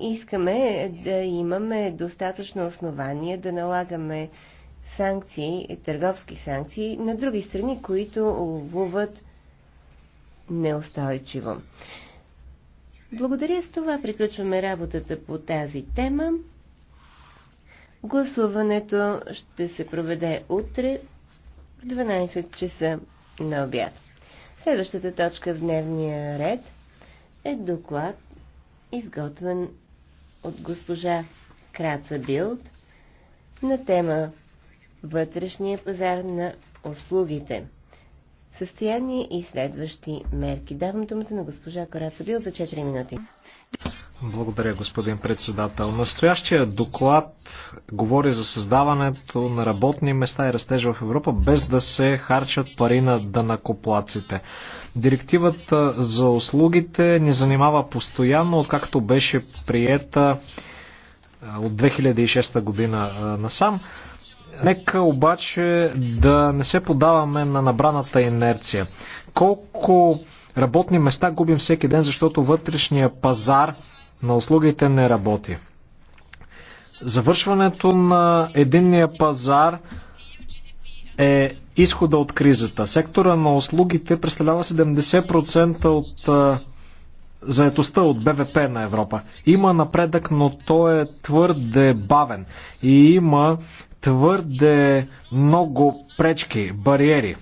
искаме да имаме достатъчно основание да налагаме санкции, търговски санкции на други страни, които ловуват неустойчиво. Благодаря с това приключваме работата по тази тема. Гласуването ще се проведе утре в 12 часа на обяд. Следващата точка в дневния ред е доклад, изготвен от госпожа Краца Билд на тема Вътрешния пазар на услугите. Състояние и следващи мерки. Давам думата на госпожа Краца Билд за 4 минути. Благодаря, господин председател. Настоящия доклад говори за създаването на работни места и растеж в Европа, без да се харчат пари на данакоплаците. Директивата за услугите ни занимава постоянно, откакто беше приета от 2006 година насам. Нека обаче да не се подаваме на набраната инерция. Колко работни места губим всеки ден, защото вътрешния пазар на услугите не работи. Завършването на единния пазар е изхода от кризата. Сектора на услугите представлява 70% от заетостта от БВП на Европа. Има напредък, но той е твърде бавен и има твърде много пречки, бариери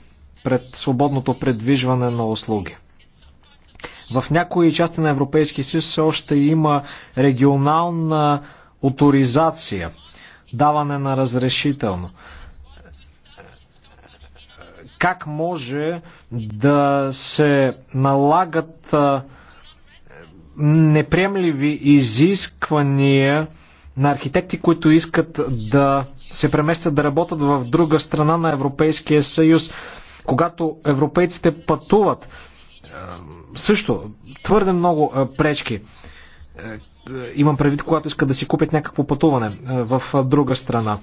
пред свободното предвижване на услуги. В някои части на Европейския съюз все още има регионална авторизация, даване на разрешително. Как може да се налагат неприемливи изисквания на архитекти, които искат да се преместят да работят в друга страна на Европейския съюз. Когато европейците пътуват, също твърде много пречки. Е, е, имам предвид, когато искат да си купят някакво пътуване е, в друга страна.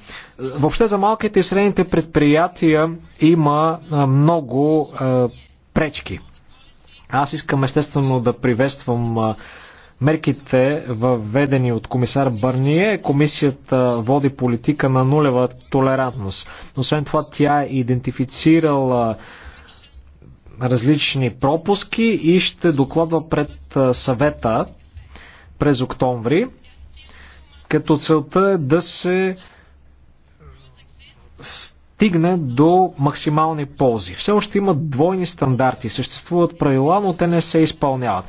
Въобще за малките и средните предприятия има много пречки. Аз искам естествено да приветствам мерките, въведени от комисар Бърние, комисията води политика на нулева толерантност. Освен това, тя е идентифицирала различни пропуски и ще докладва пред съвета през октомври, като целта е да се стигне до максимални ползи. Все още има двойни стандарти, съществуват правила, но те не се изпълняват.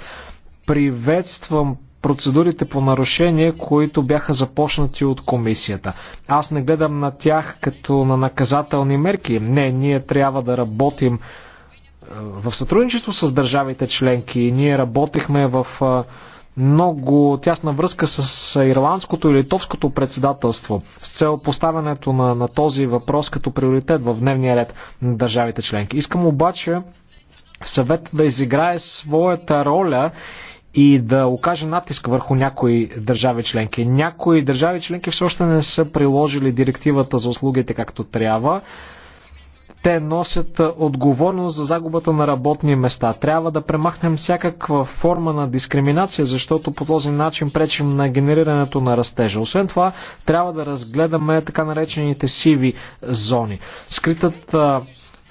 Приветствам процедурите по нарушение, които бяха започнати от комисията. Аз не гледам на тях като на наказателни мерки. Не, ние трябва да работим в сътрудничество с държавите членки. Ние работехме в много тясна връзка с ирландското и литовското председателство с цел поставянето на, на този въпрос като приоритет в дневния ред на държавите членки. Искам обаче съвет да изиграе своята роля и да окаже натиск върху някои държави членки. Някои държави членки все още не са приложили директивата за услугите както трябва. Те носят отговорност за загубата на работни места. Трябва да премахнем всякаква форма на дискриминация, защото по този начин пречим на генерирането на растежа. Освен това, трябва да разгледаме така наречените сиви зони. Скритата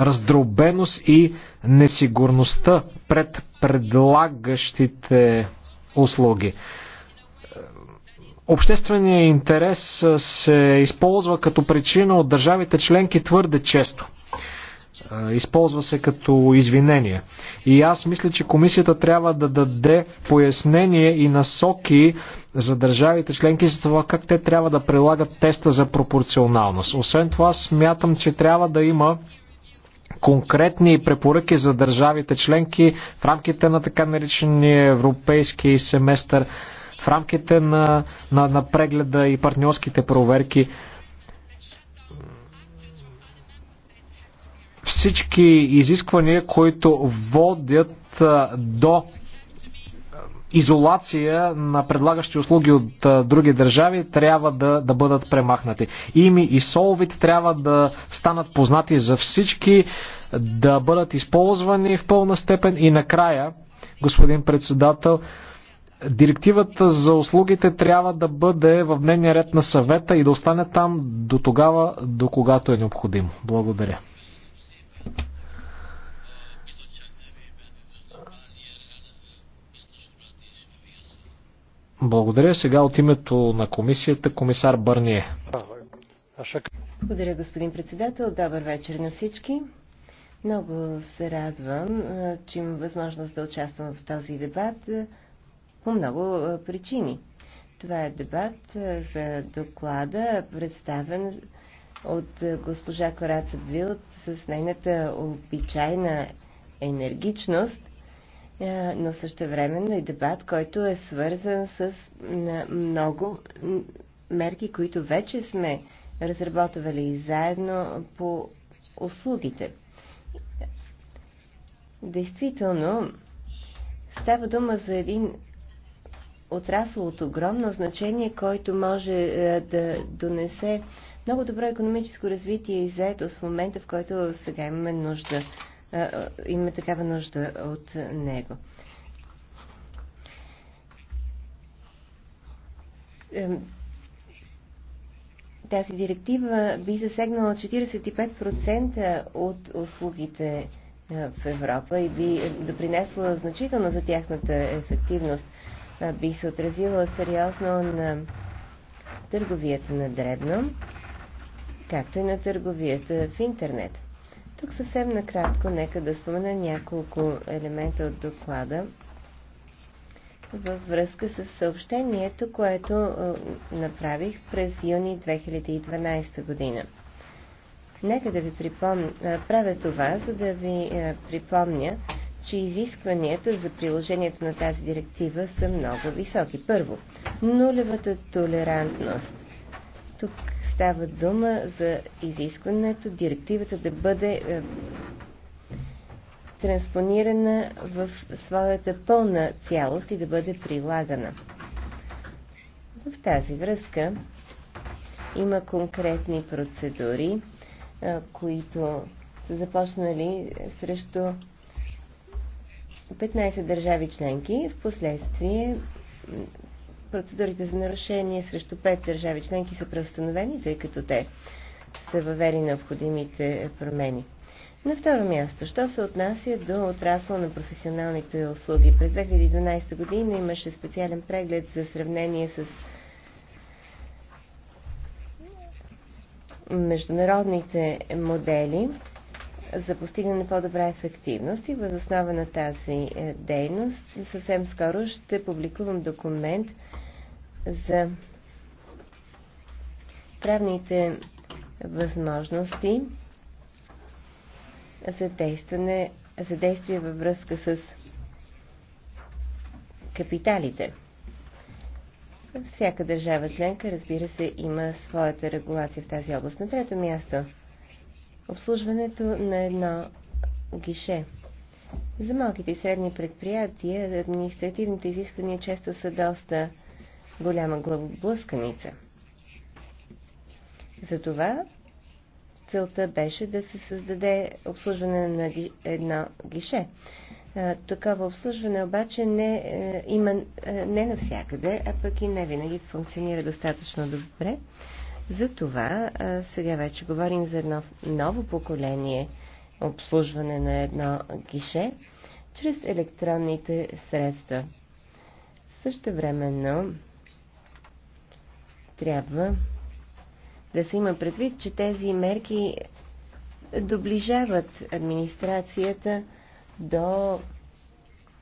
раздробеност и несигурността пред предлагащите услуги. Общественият интерес се използва като причина от държавите членки твърде често. Използва се като извинение. И аз мисля, че комисията трябва да даде пояснение и насоки за държавите членки за това как те трябва да прилагат теста за пропорционалност. Освен това, смятам, че трябва да има конкретни препоръки за държавите членки в рамките на така наречения европейски семестър, в рамките на, на, на прегледа и партньорските проверки. всички изисквания, които водят до изолация на предлагащи услуги от други държави трябва да, да бъдат премахнати. Ими и соловит трябва да станат познати за всички, да бъдат използвани в пълна степен и накрая, господин председател, Директивата за услугите трябва да бъде в дневния ред на съвета и да остане там до тогава, до когато е необходимо. Благодаря. Благодаря сега от името на комисията комисар Бърние. Благодаря, господин председател. Добър вечер на всички. Много се радвам, че имам възможност да участвам в този дебат по много причини. Това е дебат за доклада, представен от госпожа Кораца Билт с нейната обичайна енергичност – е, но същевременно и дебат, който е свързан с много мерки, които вече сме разработвали заедно по услугите. Действително, става дума за един отрасъл от огромно значение, който може е, да донесе много добро економическо развитие и заедост в момента, в който сега имаме нужда има такава нужда от него. Тази директива би засегнала 45% от услугите е, в Европа и би допринесла значително за тяхната ефективност. Би се отразила сериозно на търговията на дребно, както и на търговията в интернет. Тук съвсем накратко нека да спомена няколко елемента от доклада във връзка с съобщението, което направих през юни 2012 година. Нека да ви припомня, правя това, за да ви припомня, че изискванията за приложението на тази директива са много високи. Първо, нулевата толерантност. Тук Става дума за изискването директивата да бъде е, транспонирана в своята пълна цялост и да бъде прилагана. В тази връзка има конкретни процедури, е, които са започнали срещу 15 държави членки, в последствие процедурите за нарушение срещу пет държави членки са преустановени, тъй като те са въвели необходимите промени. На второ място, що се отнася до отрасъл на професионалните услуги? През 2012 година имаше специален преглед за сравнение с международните модели за постигане на по-добра ефективност и възоснова на тази е, дейност съвсем скоро ще публикувам документ за правните възможности за действие, за действие във връзка с капиталите. Всяка държава членка, разбира се, има своята регулация в тази област. На трето място обслужването на едно гише. За малките и средни предприятия административните изисквания често са доста голяма главоблъсканица. Затова целта беше да се създаде обслужване на едно гише. Такова обслужване обаче не, е, има е, не навсякъде, а пък и не винаги функционира достатъчно добре. Затова сега вече говорим за едно ново поколение обслужване на едно гише чрез електронните средства. Също времено трябва да се има предвид, че тези мерки доближават администрацията до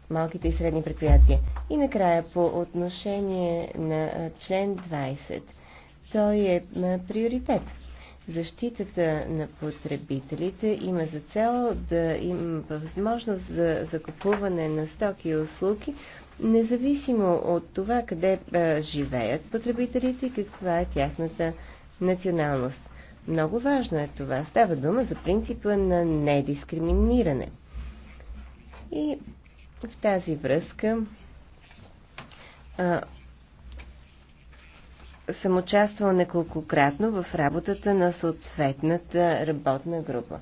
малките и средни предприятия. И накрая по отношение на член 20. Той е приоритет. Защитата на потребителите има за цел да има възможност за закупуване на стоки и услуги независимо от това къде живеят потребителите и каква е тяхната националност. Много важно е това. Става дума за принципа на недискриминиране. И в тази връзка а, съм участвал неколкократно в работата на съответната работна група.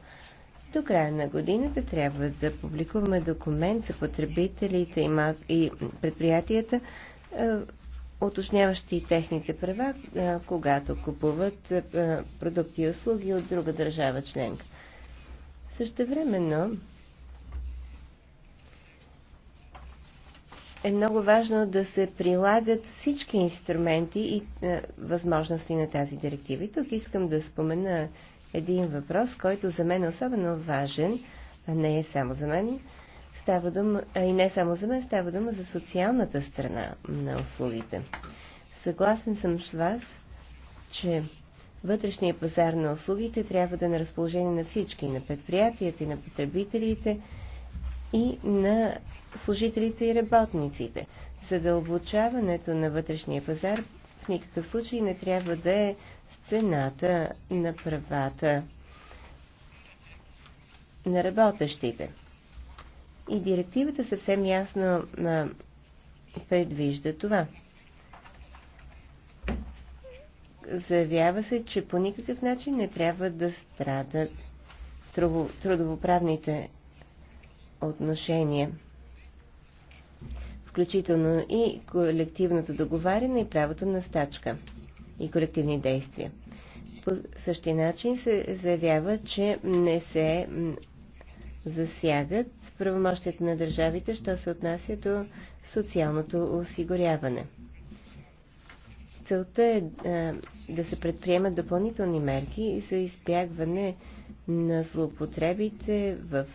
До края на годината трябва да публикуваме документ за потребителите и предприятията, е, уточняващи техните права, е, когато купуват е, продукти и услуги от друга държава членка. Същевременно е много важно да се прилагат всички инструменти и възможности на тази директива. И тук искам да спомена един въпрос, който за мен е особено важен, а не е само за мен, става дума, а и не само за мен, става дума за социалната страна на услугите. Съгласен съм с вас, че вътрешния пазар на услугите трябва да е на разположение на всички, на предприятията и на потребителите и на служителите и работниците. Задълбочаването на вътрешния пазар в никакъв случай не трябва да е цената на правата на работещите. И директивата съвсем ясно предвижда това. Заявява се, че по никакъв начин не трябва да страдат трудовоправните отношения включително и колективното договаряне и правото на стачка и колективни действия. По същия начин се заявява, че не се засягат правомощията на държавите, що се отнася до социалното осигуряване. Целта е да се предприемат допълнителни мерки за избягване на злоупотребите в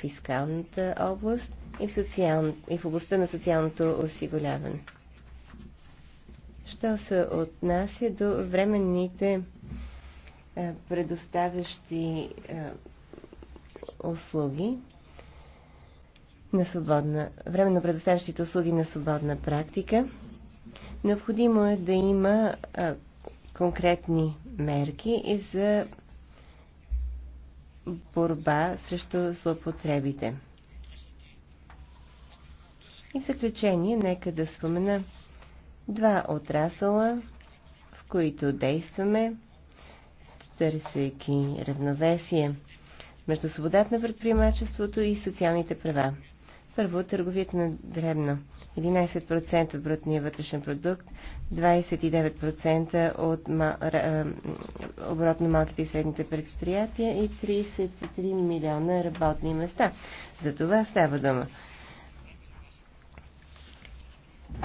фискалната област и в, социал... и в областта на социалното осигуряване. Що се отнася до временните предоставящи услуги на свободна, временно предоставящите услуги на свободна практика, необходимо е да има конкретни мерки и за борба срещу злопотребите. И в заключение, нека да спомена два отрасъла, в които действаме, търсейки равновесие между свободата на предприемачеството и социалните права. Първо, търговията на дребно. 11% от брутния вътрешен продукт, 29% от ма, оборот на малките и средните предприятия и 33 милиона работни места. За това става дума.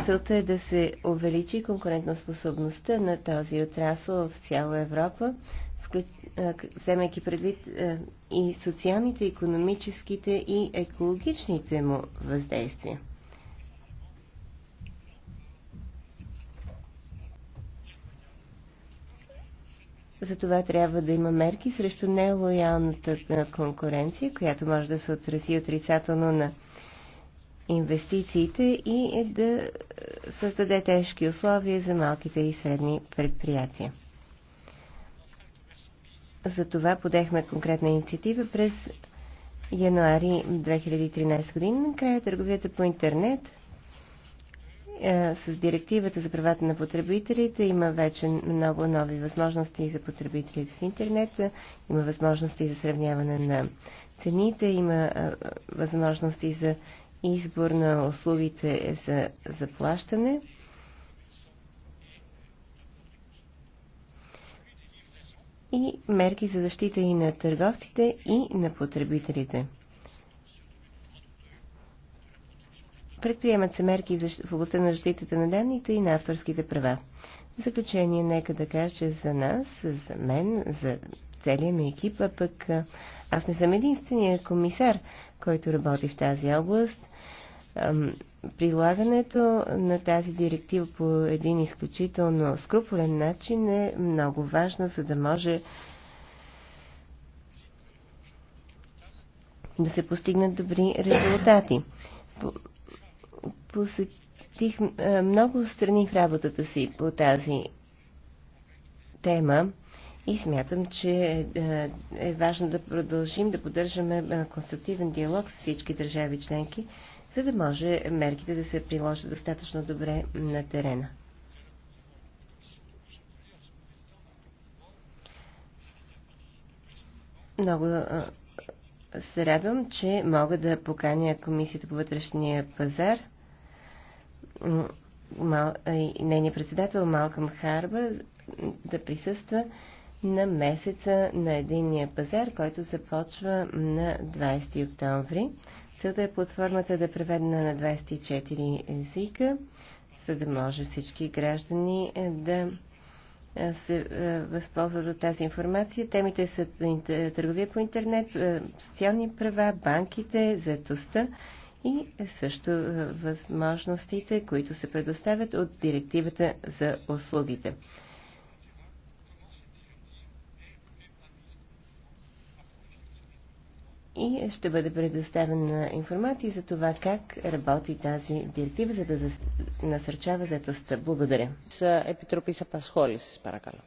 Целта е да се увеличи конкурентоспособността на този отрасъл в цяла Европа, вземайки предвид и социалните, економическите и екологичните му въздействия. Затова трябва да има мерки срещу нелоялната конкуренция, която може да се отрази отрицателно на инвестициите и е да създаде тежки условия за малките и средни предприятия. За това подехме конкретна инициатива през януари 2013 година. Накрая търговията по интернет е, с директивата за правата на потребителите има вече много нови възможности за потребителите в интернет. Е, има възможности за сравняване на цените, има е, възможности за избор на услугите за заплащане. и мерки за защита и на търговците, и на потребителите. Предприемат се мерки в областта на защитата на данните и на авторските права. В заключение, нека да кажа, че за нас, за мен, за целия ми екип, а пък аз не съм единствения комисар, който работи в тази област – Прилагането на тази директива по един изключително скрупулен начин е много важно, за да може да се постигнат добри резултати. Посетих много страни в работата си по тази тема и смятам, че е важно да продължим да поддържаме конструктивен диалог с всички държави членки, за да може мерките да се приложат достатъчно добре на терена. Много се радвам, че мога да поканя Комисията по вътрешния пазар и нейният председател Малкам Харба да присъства на месеца на единния пазар, който започва на 20 октомври. Целта е платформата да е преведена на 24 езика, за да може всички граждани е, да е, се е, възползват от тази информация. Темите са търговия по интернет, социални права, банките, заетостта и също възможностите, които се предоставят от директивата за услугите. и ще бъде предоставена информация за това как работи тази директива, за да насърчава заетостта. Благодаря. С епитрописа Пасхоли, пасхолис, паракало.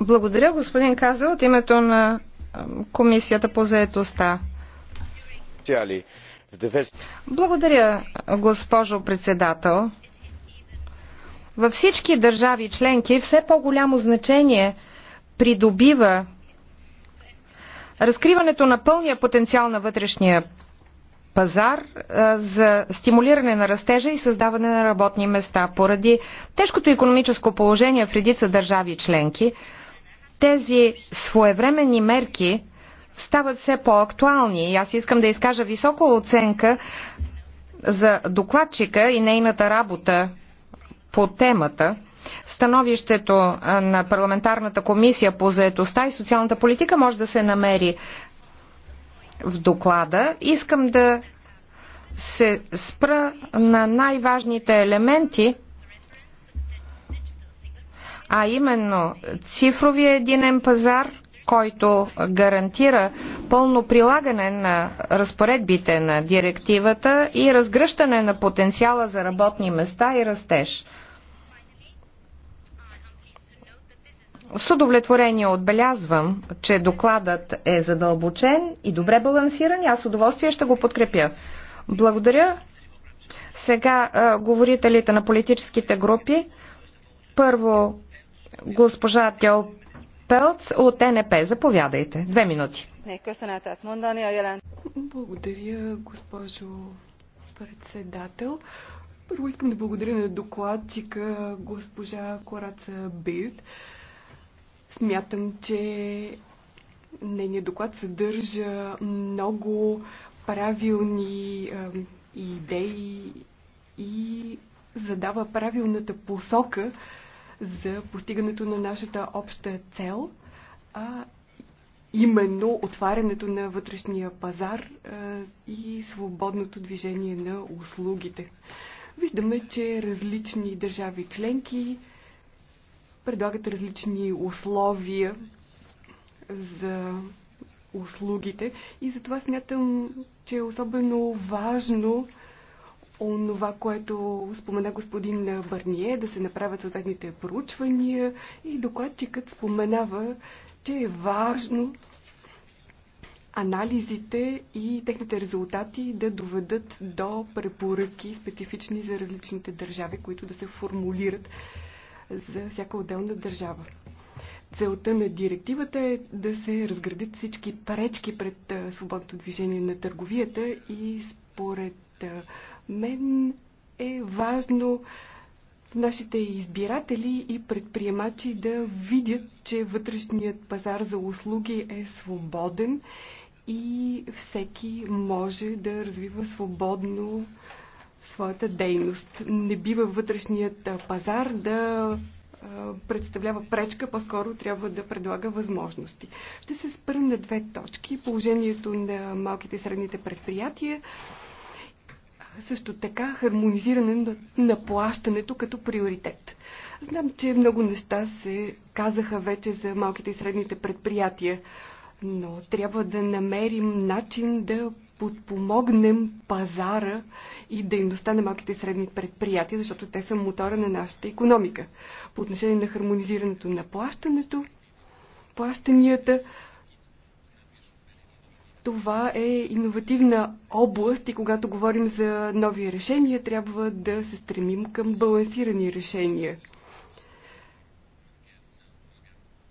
Благодаря, господин Каза, от името на Комисията по заетостта. Благодаря, госпожо председател. Във всички държави членки все по-голямо значение придобива Разкриването на пълния потенциал на вътрешния пазар за стимулиране на растежа и създаване на работни места. Поради тежкото економическо положение в редица държави членки, тези своевременни мерки стават все по-актуални. И аз искам да изкажа висока оценка за докладчика и нейната работа по темата становището на парламентарната комисия по заедостта и социалната политика може да се намери в доклада. Искам да се спра на най-важните елементи, а именно цифровия единен пазар, който гарантира пълно прилагане на разпоредбите на директивата и разгръщане на потенциала за работни места и растеж. С удовлетворение отбелязвам, че докладът е задълбочен и добре балансиран и аз с удоволствие ще го подкрепя. Благодаря. Сега а, говорителите на политическите групи. Първо госпожа Тел Пелц от НП. Заповядайте. Две минути. Благодаря, госпожо председател. Първо искам да благодаря на докладчика госпожа Кораца Бирт. Смятам, че нейният доклад съдържа много правилни е, идеи и задава правилната посока за постигането на нашата обща цел, а именно отварянето на вътрешния пазар и свободното движение на услугите. Виждаме, че различни държави членки предлагат различни условия за услугите и затова смятам, че е особено важно онова, което спомена господин Барние, да се направят съответните проучвания и докладчикът споменава, че е важно анализите и техните резултати да доведат до препоръки специфични за различните държави, които да се формулират за всяка отделна държава. Целта на директивата е да се разградят всички пречки пред свободното движение на търговията и според мен е важно нашите избиратели и предприемачи да видят, че вътрешният пазар за услуги е свободен и всеки може да развива свободно своята дейност. Не бива вътрешният пазар да представлява пречка, по-скоро трябва да предлага възможности. Ще се спра на две точки. Положението на малките и средните предприятия, също така хармонизиране на, на плащането като приоритет. Знам, че много неща се казаха вече за малките и средните предприятия, но трябва да намерим начин да подпомогнем пазара и дейността на малките и средни предприятия, защото те са мотора на нашата економика. По отношение на хармонизирането на плащането, плащанията, това е иновативна област и когато говорим за нови решения, трябва да се стремим към балансирани решения.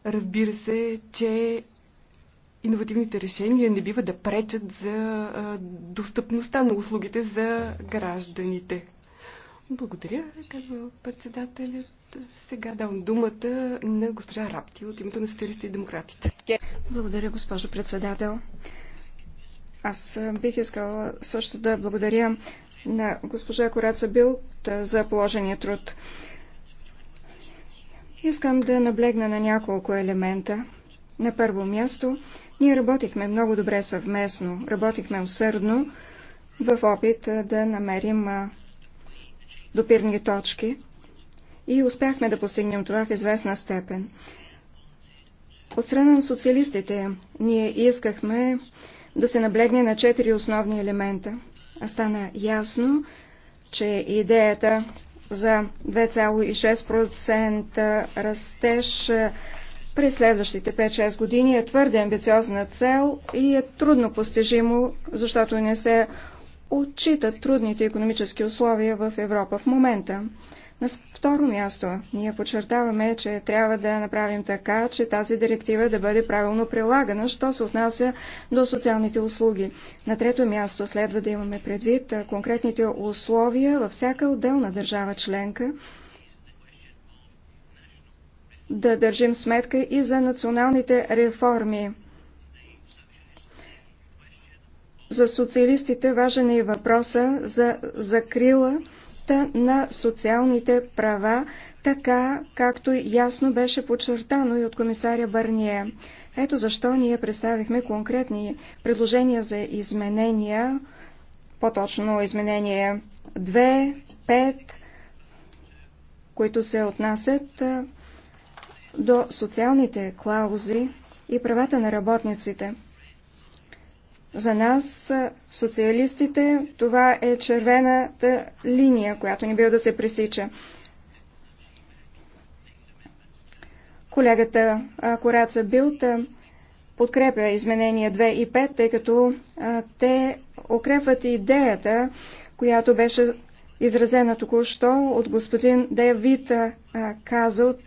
Разбира се, че иновативните решения не бива да пречат за достъпността на услугите за гражданите. Благодаря, казва председателят. Сега давам думата на госпожа Рапти от името на социалистите и демократите. Благодаря, госпожо председател. Аз бих искала също да благодаря на госпожа Кораца Бил за положения труд. Искам да наблегна на няколко елемента. На първо място, ние работихме много добре съвместно, работихме усърдно в опит да намерим допирни точки и успяхме да постигнем това в известна степен. От страна на социалистите ние искахме да се наблегне на четири основни елемента. А стана ясно, че идеята за 2,6% растеж през следващите 5-6 години е твърде амбициозна цел и е трудно постижимо, защото не се отчитат трудните економически условия в Европа в момента. На второ място, ние подчертаваме, че трябва да направим така, че тази директива да бъде правилно прилагана, що се отнася до социалните услуги. На трето място следва да имаме предвид конкретните условия във всяка отделна държава членка, да държим сметка и за националните реформи. За социалистите важен е въпроса за закрилата на социалните права, така както ясно беше подчертано и от комисаря Бърние. Ето защо ние представихме конкретни предложения за изменения, по-точно изменение 2, 5, които се отнасят до социалните клаузи и правата на работниците. За нас, социалистите, това е червената линия, която не бива да се пресича. Колегата Кораца Билт подкрепя изменения 2 и 5, тъй като те укрепват идеята, която беше изразена току-що от господин Девит Каза от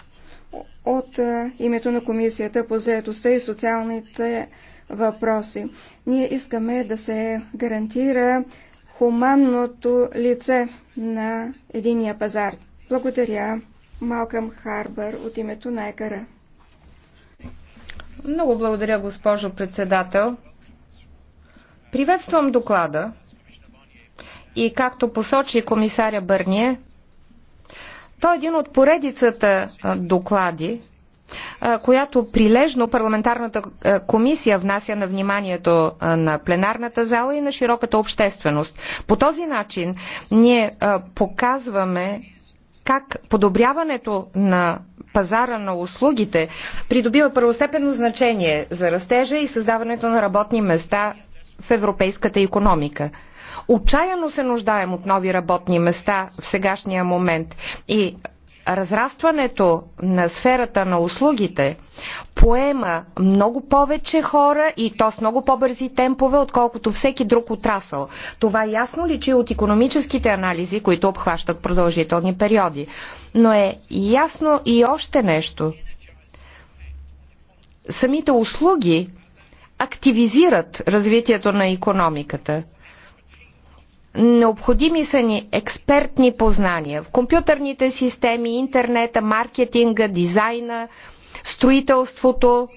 от е, името на Комисията по заедостта и социалните въпроси. Ние искаме да се гарантира хуманното лице на единия пазар. Благодаря Малкам Харбър от името на Екара. Много благодаря, госпожо председател. Приветствам доклада и както посочи комисаря Бърние, той е един от поредицата доклади, която прилежно парламентарната комисия внася на вниманието на пленарната зала и на широката общественост. По този начин ние показваме как подобряването на пазара на услугите придобива първостепенно значение за растежа и създаването на работни места в европейската економика. Отчаяно се нуждаем от нови работни места в сегашния момент и разрастването на сферата на услугите поема много повече хора и то с много по-бързи темпове, отколкото всеки друг отрасъл. Това ясно личи от економическите анализи, които обхващат продължителни периоди. Но е ясно и още нещо. Самите услуги активизират развитието на економиката – Необходими са ни експертни познания в компютърните системи, интернета, маркетинга, дизайна, строителството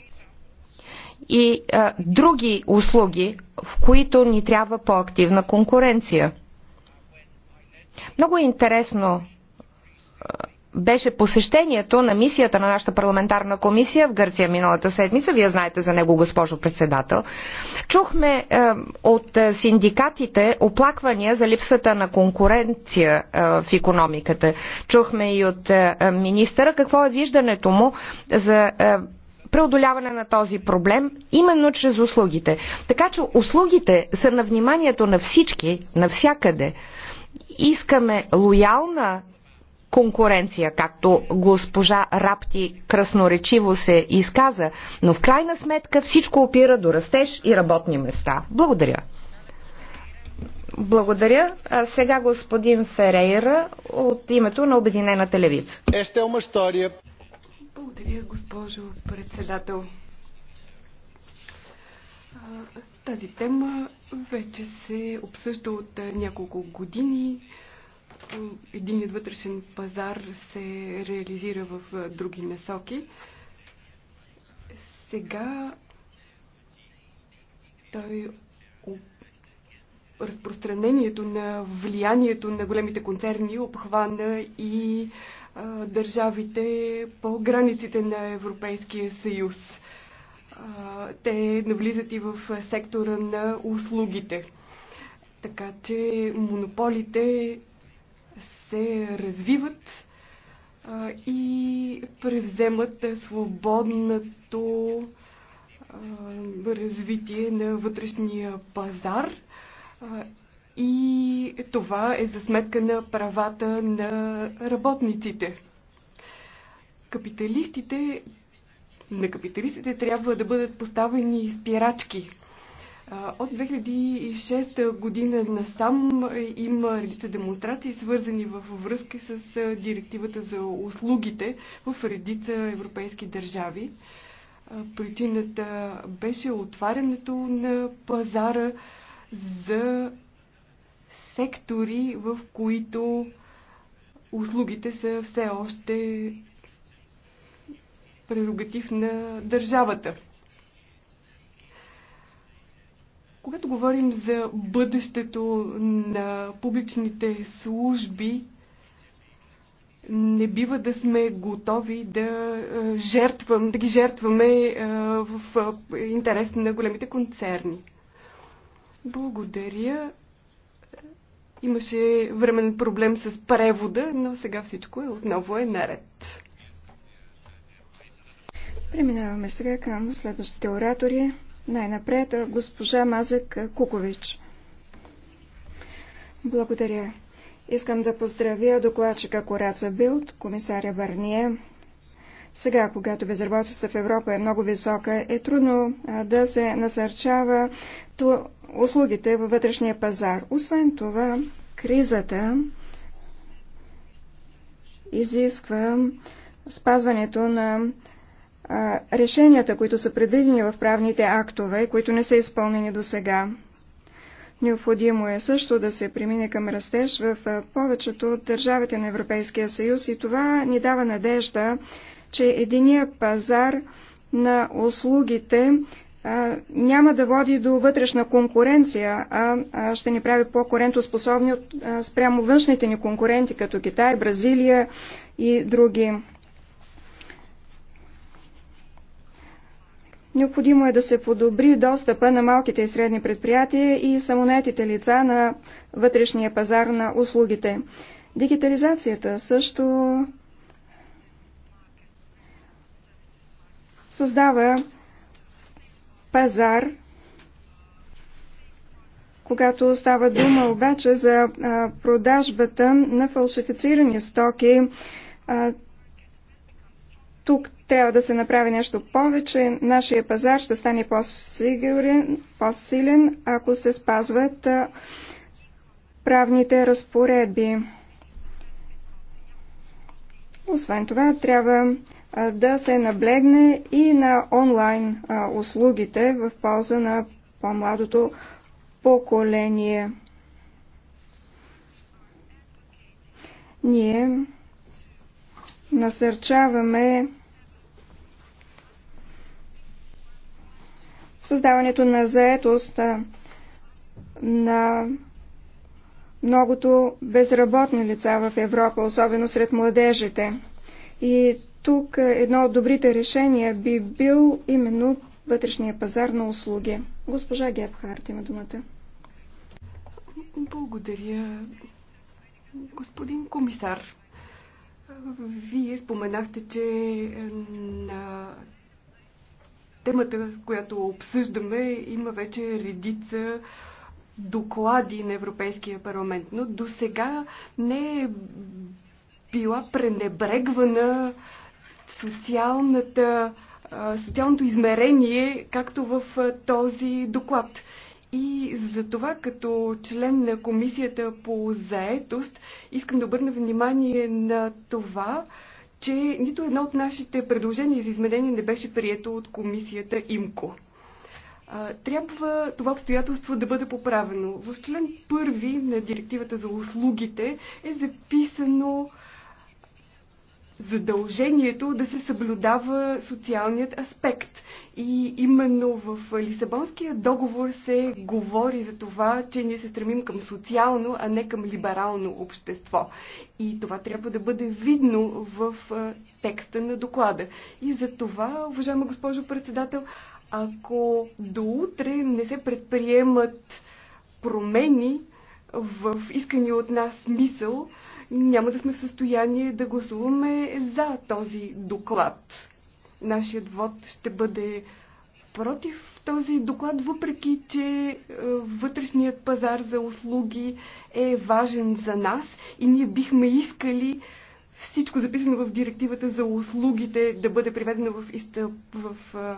и а, други услуги, в които ни трябва по-активна конкуренция. Много е интересно беше посещението на мисията на нашата парламентарна комисия в Гърция миналата седмица. Вие знаете за него, госпожо председател. Чухме е, от синдикатите оплаквания за липсата на конкуренция е, в економиката. Чухме и от е, министъра какво е виждането му за. Е, преодоляване на този проблем именно чрез услугите. Така че услугите са на вниманието на всички, навсякъде искаме лоялна конкуренция, както госпожа Рапти красноречиво се изказа, но в крайна сметка всичко опира до растеж и работни места. Благодаря. Благодаря. А сега господин Ферейра от името на Обединената левица. Еще е история. Благодаря, госпожо председател. Тази тема вече се обсъжда от няколко години единият вътрешен пазар се реализира в други насоки. Сега той разпространението на влиянието на големите концерни обхвана и а, държавите по границите на Европейския съюз. А, те навлизат и в сектора на услугите. Така че монополите се развиват и превземат свободното развитие на вътрешния пазар. И това е за сметка на правата на работниците. Капиталистите, на капиталистите трябва да бъдат поставени спирачки от 2006 година насам има редица демонстрации, свързани във връзка с директивата за услугите в редица европейски държави. Причината беше отварянето на пазара за сектори, в които услугите са все още прерогатив на държавата. Когато говорим за бъдещето на публичните служби, не бива да сме готови да, жертвам, да ги жертваме в интерес на големите концерни. Благодаря. Имаше времен проблем с превода, но сега всичко е, отново е наред. Преминаваме сега към следващите оратори. Най-напред госпожа Мазък Кукович. Благодаря. Искам да поздравя докладчика Кораца Билд, комисаря Барние. Сега, когато безработицата в Европа е много висока, е трудно да се насърчава услугите във вътрешния пазар. Освен това, кризата изисква спазването на решенията, които са предвидени в правните актове, които не са изпълнени до сега. Необходимо е също да се премине към растеж в повечето от държавите на Европейския съюз и това ни дава надежда, че единия пазар на услугите няма да води до вътрешна конкуренция, а, ще ни прави по корентоспособни спрямо външните ни конкуренти, като Китай, Бразилия и други. Необходимо е да се подобри достъпа на малките и средни предприятия и самонетите лица на вътрешния пазар на услугите. Дигитализацията също създава пазар, когато става дума обаче за продажбата на фалшифицирани стоки, тук трябва да се направи нещо повече. Нашия пазар ще стане по-сигурен, по-силен, ако се спазват правните разпоредби. Освен това, трябва да се наблегне и на онлайн услугите в полза на по-младото поколение. Ние насърчаваме създаването на заетост на многото безработни лица в Европа, особено сред младежите. И тук едно от добрите решения би бил именно вътрешния пазар на услуги. Госпожа Гебхарт има думата. Благодаря, господин комисар. Вие споменахте, че е, на темата, която обсъждаме, има вече редица доклади на Европейския парламент, но до сега не е била пренебрегвана социалната, е, социалното измерение, както в е, този доклад. И за това, като член на комисията по заетост, искам да обърна внимание на това, че нито едно от нашите предложения за изменение не беше прието от комисията ИМКО. Трябва това обстоятелство да бъде поправено. В член първи на директивата за услугите е записано задължението да се съблюдава социалният аспект. И именно в Лисабонския договор се говори за това, че ние се стремим към социално, а не към либерално общество. И това трябва да бъде видно в текста на доклада. И за това, уважаема госпожо председател, ако до утре не се предприемат промени в искания от нас мисъл, няма да сме в състояние да гласуваме за този доклад. Нашият вод ще бъде против този доклад, въпреки че е, вътрешният пазар за услуги е важен за нас и ние бихме искали всичко записано в директивата за услугите да бъде приведено в, изтъп, в а,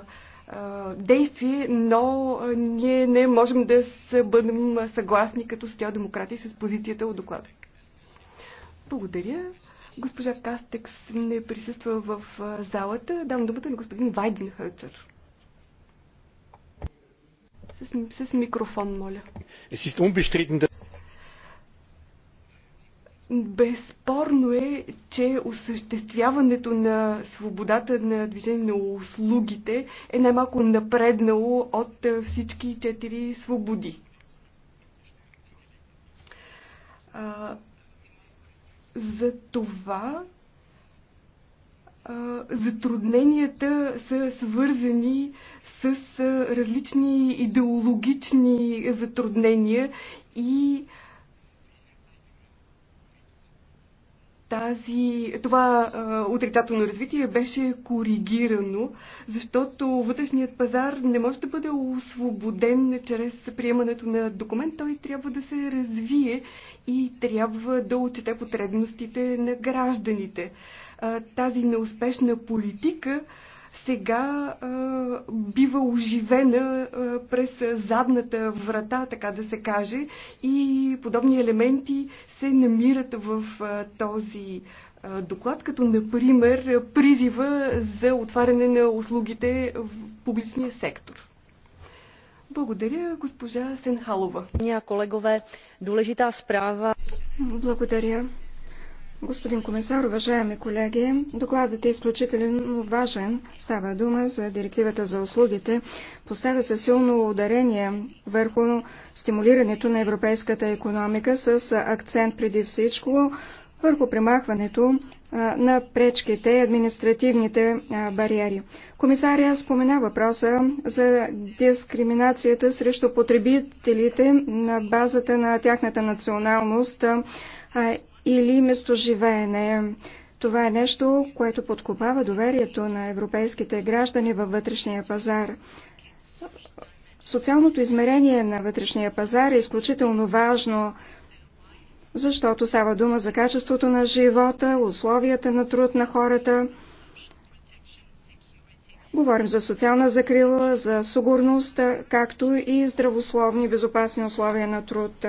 е, е, действие, но ние не можем да бъдем съгласни като социал-демократи с позицията от доклада. Благодаря. Госпожа Кастекс не присъства в залата. Дам думата на господин Вайденхърцер. С, с микрофон, моля. Безспорно е, че осъществяването на свободата на движение на услугите е най-малко напреднало от всички четири свободи за това затрудненията са свързани с различни идеологични затруднения и тази, това а, отрицателно развитие беше коригирано, защото вътрешният пазар не може да бъде освободен чрез приемането на документ. Той трябва да се развие и трябва да отчете потребностите на гражданите. А, тази неуспешна политика сега а, бива оживена а, през задната врата, така да се каже, и подобни елементи се намират в този доклад, като например призива за отваряне на услугите в публичния сектор. Благодаря, госпожа Сенхалова. Колегове, důležitá справа. Благодаря. Господин комисар, уважаеми колеги, докладът е изключително важен. Става дума за директивата за услугите. Поставя се силно ударение върху стимулирането на европейската економика с акцент преди всичко върху примахването на пречките и административните бариери. Комисария спомена въпроса за дискриминацията срещу потребителите на базата на тяхната националност или местоживеене. Това е нещо, което подкопава доверието на европейските граждани във вътрешния пазар. Социалното измерение на вътрешния пазар е изключително важно, защото става дума за качеството на живота, условията на труд на хората. Говорим за социална закрила, за сигурност, както и здравословни безопасни условия на труд.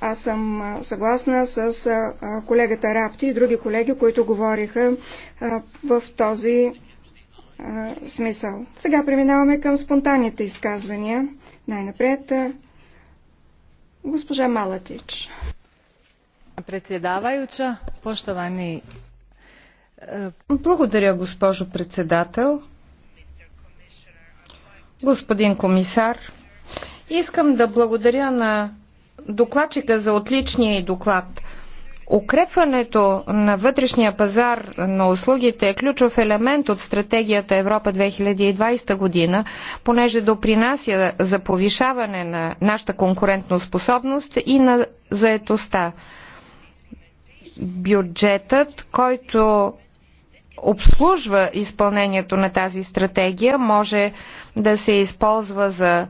Аз съм съгласна с колегата Рапти и други колеги, които говориха в този смисъл. Сега преминаваме към спонтанните изказвания. Най-напред госпожа Малатич. Председаваюча, поштовани... Е, благодаря, госпожо председател. Господин комисар, искам да благодаря на докладчика за отличния и доклад. Укрепването на вътрешния пазар на услугите е ключов елемент от стратегията Европа 2020 година, понеже допринася за повишаване на нашата способност и на заетостта. Бюджетът, който обслужва изпълнението на тази стратегия, може да се използва за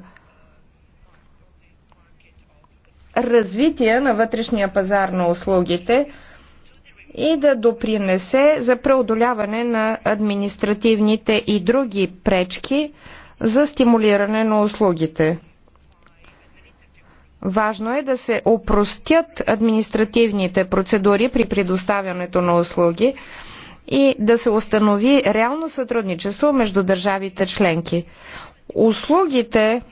развитие на вътрешния пазар на услугите и да допринесе за преодоляване на административните и други пречки за стимулиране на услугите. Важно е да се опростят административните процедури при предоставянето на услуги и да се установи реално сътрудничество между държавите членки. Услугите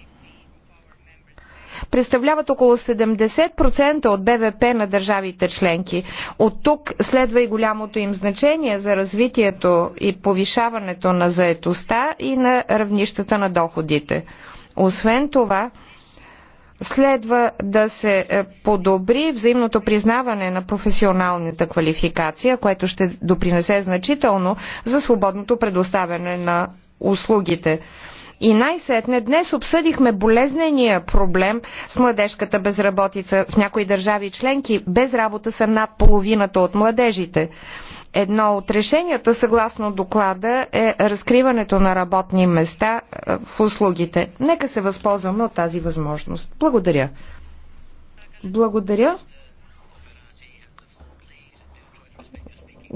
представляват около 70% от БВП на държавите членки. От тук следва и голямото им значение за развитието и повишаването на заетостта и на равнищата на доходите. Освен това, следва да се е, подобри взаимното признаване на професионалната квалификация, което ще допринесе значително за свободното предоставяне на услугите. И най-сетне днес обсъдихме болезнения проблем с младежката безработица. В някои държави членки без работа са над половината от младежите. Едно от решенията, съгласно доклада, е разкриването на работни места е, в услугите. Нека се възползваме от тази възможност. Благодаря. Благодаря.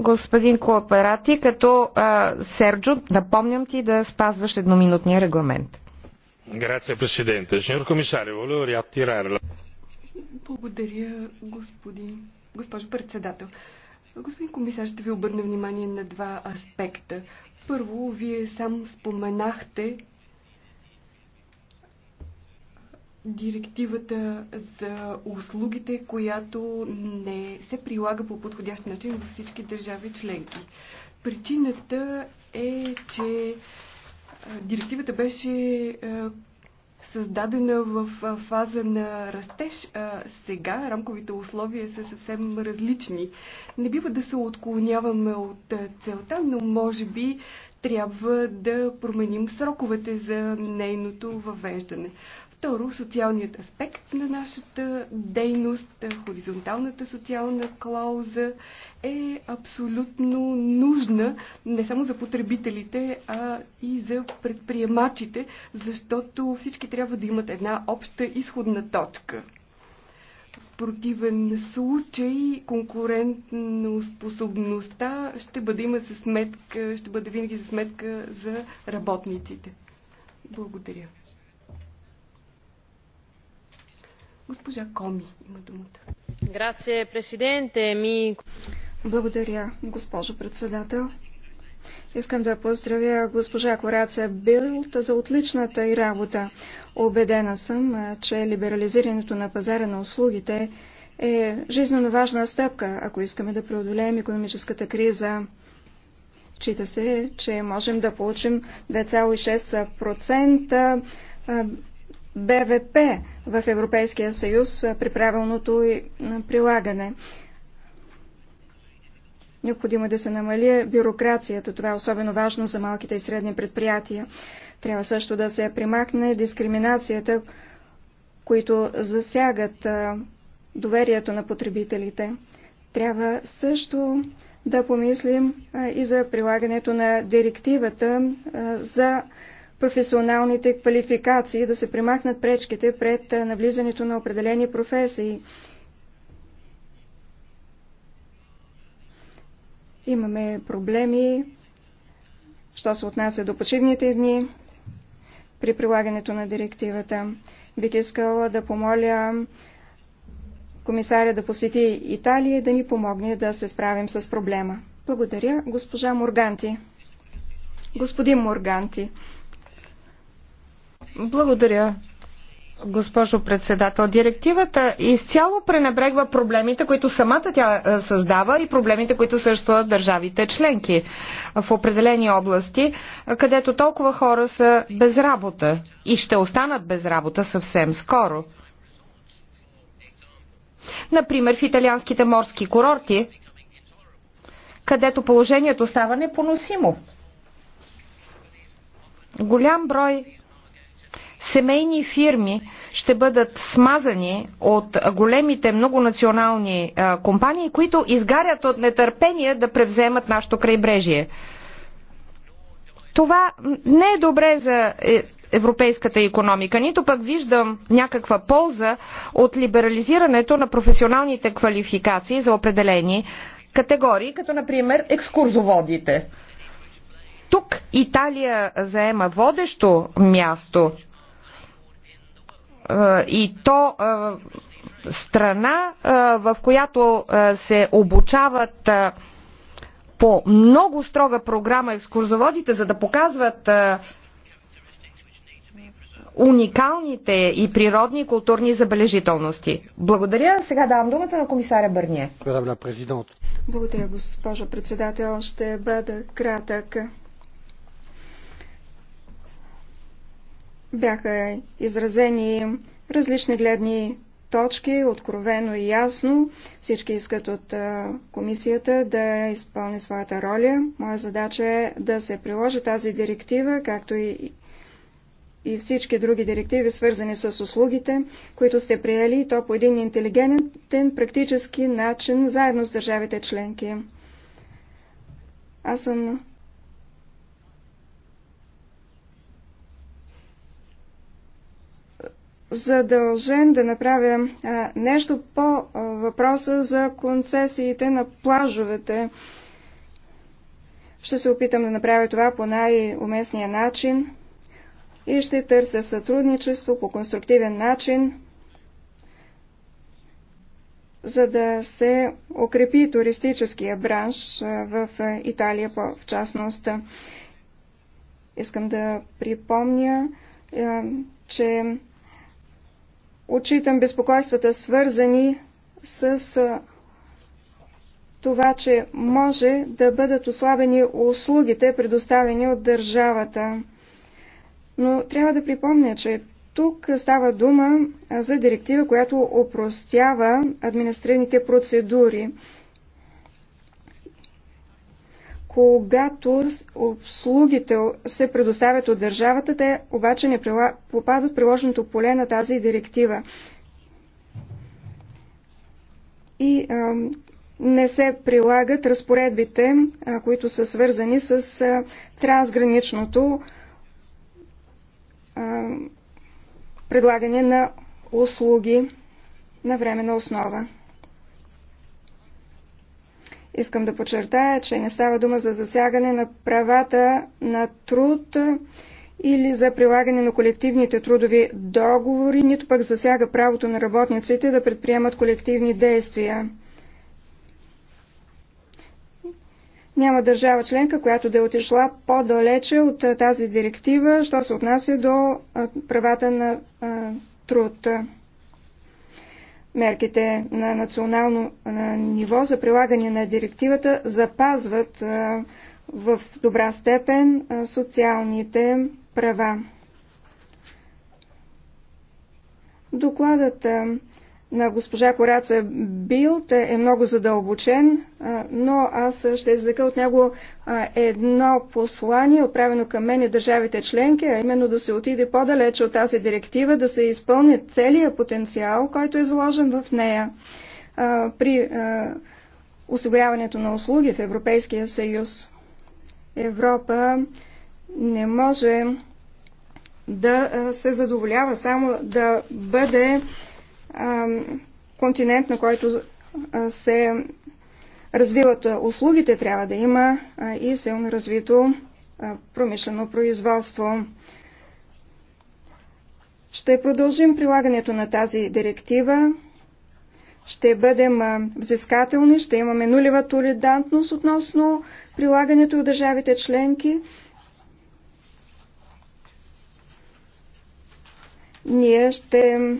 господин Кооперати, като а, Серджо, напомням ти да спазваш едноминутния регламент. Грация, президенте. Сеньор комисаре, волево реактирare... Благодаря, господин... госпожо председател. Господин комисар, ще ви обърна внимание на два аспекта. Първо, вие сам споменахте директивата за услугите, която не се прилага по подходящ начин във всички държави членки. Причината е, че директивата беше създадена в фаза на растеж, сега рамковите условия са съвсем различни. Не бива да се отклоняваме от целта, но може би трябва да променим сроковете за нейното въвеждане. Второ, социалният аспект на нашата дейност, хоризонталната социална клауза е абсолютно нужна не само за потребителите, а и за предприемачите, защото всички трябва да имат една обща изходна точка. В противен случай конкурентно способността ще бъде, има за сметка, ще бъде винаги за сметка за работниците. Благодаря. Госпожа Коми има думата. Благодаря, госпожо председател. Искам да поздравя госпожа Кораца Билт за отличната и работа. Обедена съм, че либерализирането на пазара на услугите е жизненно важна стъпка, ако искаме да преодолеем економическата криза. Чита се, че можем да получим 2,6% БВП в Европейския съюз при правилното прилагане. Необходимо е да се намали бюрокрацията. Това е особено важно за малките и средни предприятия. Трябва също да се примакне дискриминацията, които засягат доверието на потребителите. Трябва също да помислим и за прилагането на директивата за професионалните квалификации, да се примахнат пречките пред навлизането на определени професии. Имаме проблеми, що се отнася до почивните дни при прилагането на директивата. Бих искала да помоля комисаря да посети Италия и да ни помогне да се справим с проблема. Благодаря, госпожа Морганти. Господин Морганти. Благодаря, госпожо председател. Директивата изцяло пренебрегва проблемите, които самата тя е, създава и проблемите, които съществуват държавите членки в определени области, където толкова хора са без работа и ще останат без работа съвсем скоро. Например, в италианските морски курорти, където положението става непоносимо. Голям брой семейни фирми ще бъдат смазани от големите многонационални компании, които изгарят от нетърпение да превземат нашето крайбрежие. Това не е добре за е, европейската економика, нито пък виждам някаква полза от либерализирането на професионалните квалификации за определени категории, като например екскурзоводите. Тук Италия заема водещо място и то страна, в която се обучават по много строга програма екскурзоводите, за да показват уникалните и природни и културни забележителности. Благодаря. Сега давам думата на комисаря Бърние. Благодаря, госпожа председател. Ще бъда кратък. Бяха изразени различни гледни точки, откровено и ясно. Всички искат от комисията да изпълни своята роля. Моя задача е да се приложи тази директива, както и, и всички други директиви, свързани с услугите, които сте приели, и то по един интелигентен, практически начин, заедно с държавите членки. Аз съм задължен да направя а, нещо по а, въпроса за концесиите на плажовете. Ще се опитам да направя това по най-уместния начин и ще търся сътрудничество по конструктивен начин, за да се укрепи туристическия бранш в Италия в частност. Искам да припомня, че Отчитам безпокойствата, свързани с това, че може да бъдат ослабени услугите, предоставени от държавата. Но трябва да припомня, че тук става дума за директива, която опростява административните процедури когато услугите се предоставят от държавата, те обаче не попадат в приложеното поле на тази директива. И а, не се прилагат разпоредбите, а, които са свързани с а, трансграничното а, предлагане на услуги на временна основа. Искам да подчертая, че не става дума за засягане на правата на труд или за прилагане на колективните трудови договори, нито пък засяга правото на работниците да предприемат колективни действия. Няма държава членка, която да е отишла по-далече от тази директива, що се отнася до правата на труд мерките на национално ниво за прилагане на директивата запазват в добра степен социалните права. Докладът на госпожа Кораца Билт е много задълбочен, но аз ще извлека от него едно послание, отправено към мен и държавите членки, а именно да се отиде по-далече от тази директива, да се изпълни целият потенциал, който е заложен в нея при осигуряването на услуги в Европейския съюз. Европа не може да се задоволява само да бъде континент, на който се развиват услугите, трябва да има и силно развито промишлено производство. Ще продължим прилагането на тази директива. Ще бъдем взискателни, ще имаме нулева толерантност относно прилагането в държавите членки. Ние ще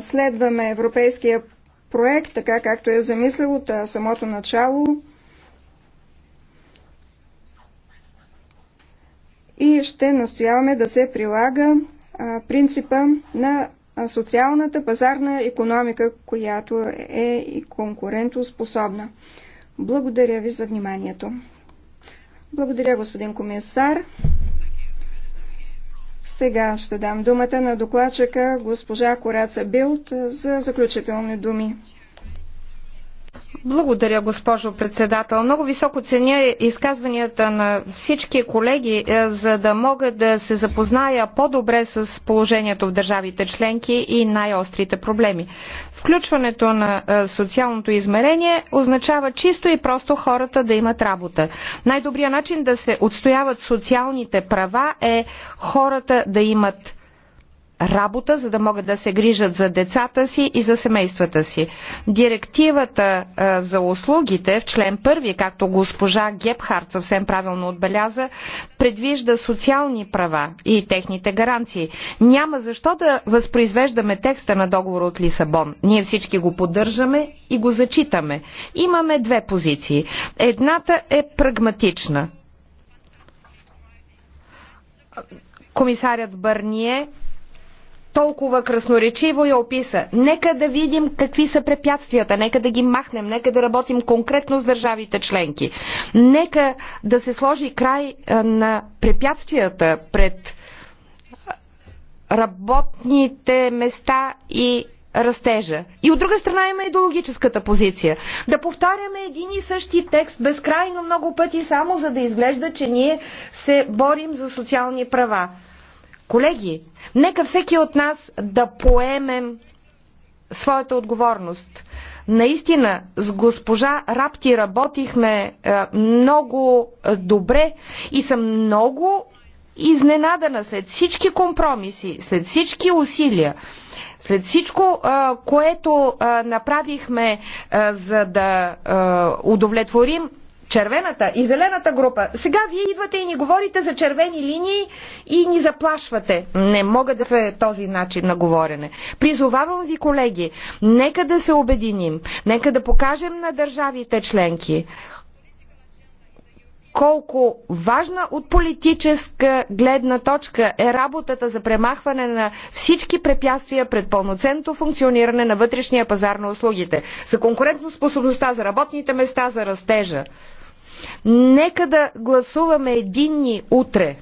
следваме европейския проект, така както е замислил от самото начало. И ще настояваме да се прилага принципа на социалната пазарна економика, която е и конкурентоспособна. Благодаря ви за вниманието. Благодаря, господин комисар. Сега ще дам думата на докладчика госпожа Кораца Билт е, за заключителни думи. Благодаря, госпожо председател. Много високо ценя изказванията на всички колеги, е, за да мога да се запозная по-добре с положението в държавите членки и най-острите проблеми. Включването на социалното измерение означава чисто и просто хората да имат работа. Най-добрият начин да се отстояват социалните права е хората да имат работа, за да могат да се грижат за децата си и за семействата си. Директивата а, е, за услугите в член 1, както госпожа Гепхард съвсем правилно отбеляза, предвижда социални права и техните гаранции. Няма защо да възпроизвеждаме текста на договора от Лисабон. Ние всички го поддържаме и го зачитаме. Имаме две позиции. Едната е прагматична. Комисарят Бърние толкова красноречиво я описа. Нека да видим какви са препятствията, нека да ги махнем, нека да работим конкретно с държавите членки. Нека да се сложи край на препятствията пред работните места и растежа. И от друга страна има идеологическата позиция. Да повтаряме един и същи текст безкрайно много пъти, само за да изглежда, че ние се борим за социални права. Колеги, нека всеки от нас да поемем своята отговорност. Наистина, с госпожа Рапти работихме е, много добре и съм много изненадана след всички компромиси, след всички усилия, след всичко, е, което е, направихме, за да удовлетворим червената и зелената група. Сега вие идвате и ни говорите за червени линии и ни заплашвате. Не мога да е този начин на говорене. Призовавам ви, колеги, нека да се обединим, нека да покажем на държавите членки колко важна от политическа гледна точка е работата за премахване на всички препятствия пред пълноценното функциониране на вътрешния пазар на услугите, за конкурентоспособността, за работните места, за растежа. Нека да гласуваме единни утре,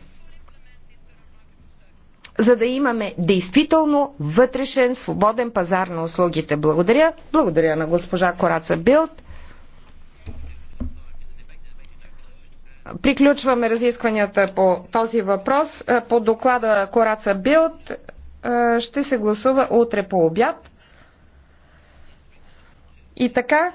за да имаме действително вътрешен свободен пазар на услугите. Благодаря. Благодаря на госпожа Кораца Билт. Приключваме разискванията по този въпрос. Е, по доклада Кораца Билт е, ще се гласува утре по обяд. И така.